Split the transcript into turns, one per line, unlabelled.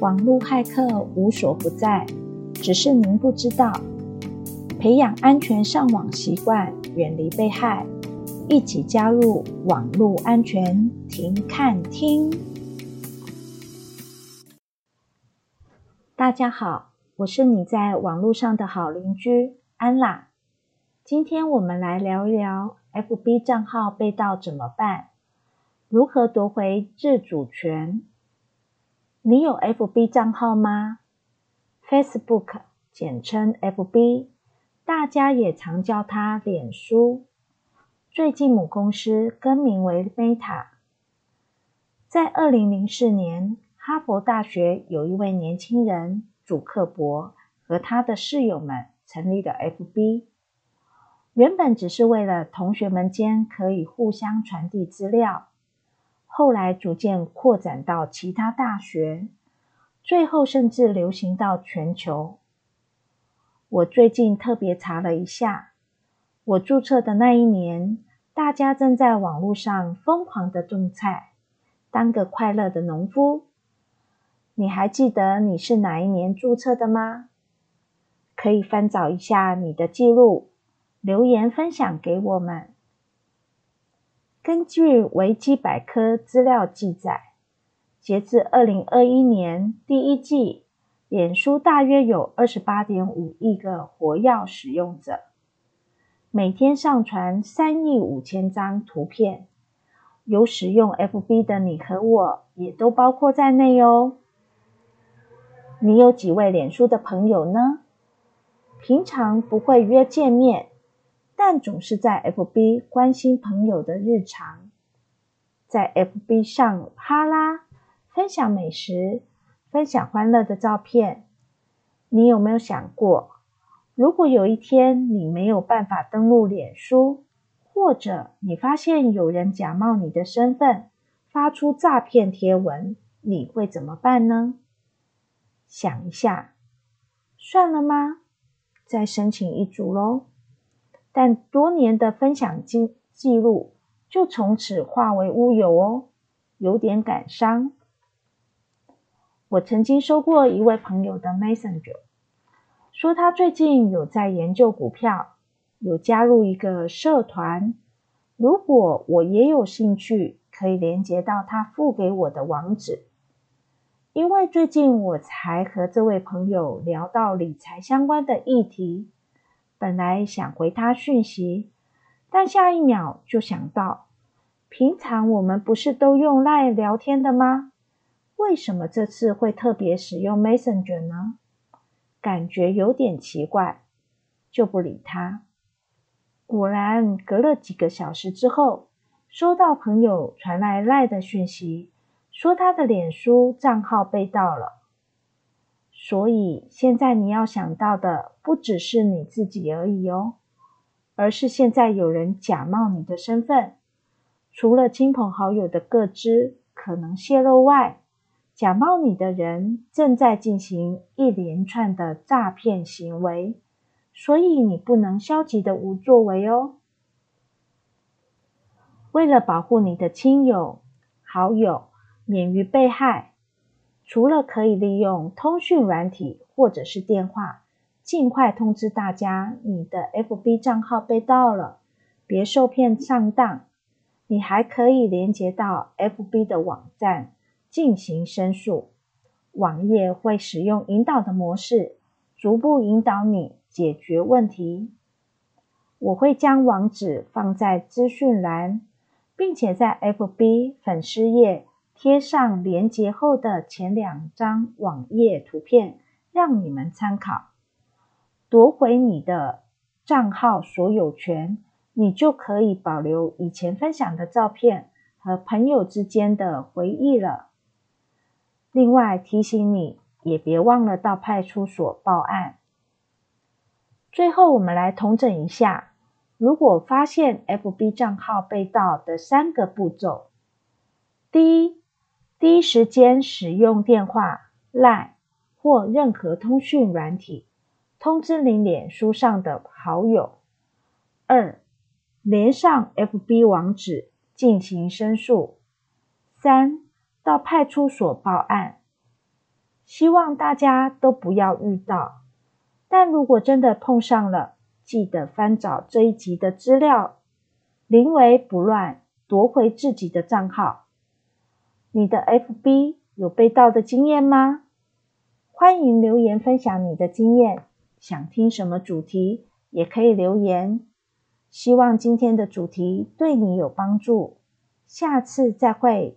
網絡駭客無所不在，只是您不知道。培養安全上網習慣，遠離被害，一起加入網絡安全停看聽。大家好，我是你在網絡上的好鄰居安啦。今天我們來聊一聊 FB 賬號被盜怎麼辦？如何奪回自主權？你有 FB 賬號嗎？Facebook 簡稱 FB，大家也常叫它臉書。最近母公司更名為 Meta。在二零零四年，哈佛大學有一位年輕人，祖克伯和他的室友們成立了 FB，原本只是為了同學們間可以互相傳遞資料。後來逐漸擴展到其他大學，最後甚至流行到全球。我最近特別查了一下，我註冊的那一年，大家正在網絡上瘋狂地種菜，當個快樂的農夫。你還記得你是哪一年註冊的嗎？可以翻找一下你的記錄，留言分享給我們。根據維基百科資料記載，截至二零二一年第一季，臉書大約有二十八點五億個活躍使用者，每天上傳三億五千張圖片，有使用 FB 的你和我也都包括在內哦。你有幾位臉書的朋友呢？平常不會約見面，但總是在 FB 關心朋友的日常，在 FB 上哈啦、分享美食，分享歡樂的照片。你有沒有想過，如果有一天你沒有辦法登錄臉書，或者你發現有人假冒你的身份，發出詐騙貼文，你會怎麼辦呢？想一下，算了嗎？再申請一組嘍。但多年的分享記錄就從此化為烏有哦，有點感傷。我曾經收過一位朋友的 Messenger，說他最近有在研究股票，有加入一個社團。如果我也有興趣，可以連接到他附給我的網址。因為最近我才和這位朋友聊到理財相關的議題。本來想回他訊息，但下一秒就想到，平常我們不是都用 LINE 聊天的嗎？為什麼這次會特別使用 Messenger 呢？感覺有點奇怪，就不理他。果然，隔了幾個小時之後，收到朋友傳來 LINE 的訊息，說他的臉書賬號被盜了。所以現在你要想到的不只是你自己而已哦，而是現在有人假冒你的身份，除了親朋好友的個資可能泄露外，假冒你的人正在進行一連串的詐騙行為，所以你不能消極的無作為哦。為了保護你的親友好友免於被害。除了可以利用通訊軟體或者是電話，儘快通知大家你的 FB 賬號被盜了，別受騙上當。你還可以連接到 FB 的網站進行申訴，網頁會使用引導的模式，逐步引導你解決問題。我會將網址放在資訊欄，並且在 FB 粉絲頁。貼上連結後的前兩張網頁圖片，讓你們參考。奪回你的賬號所有權，你就可以保留以前分享的照片和朋友之間的回憶了。另外提醒你，也別忘了到派出所報案。最後，我們來統整一下，如果發現 FB 賬號被盜的三個步驟：第一，第一時間使用電話、LINE 或任何通訊軟體通知你臉書上的好友。二，連上 FB 網址進行申訴。三，到派出所報案。希望大家都不要遇到，但如果真的碰上了，記得翻找這一集的資料，臨危不亂，奪回自己的賬號。你的 FB 有被盜的經驗嗎？歡迎留言分享你的經驗。想聽什麼主題也可以留言。希望今天的主題對你有幫助。下次再會。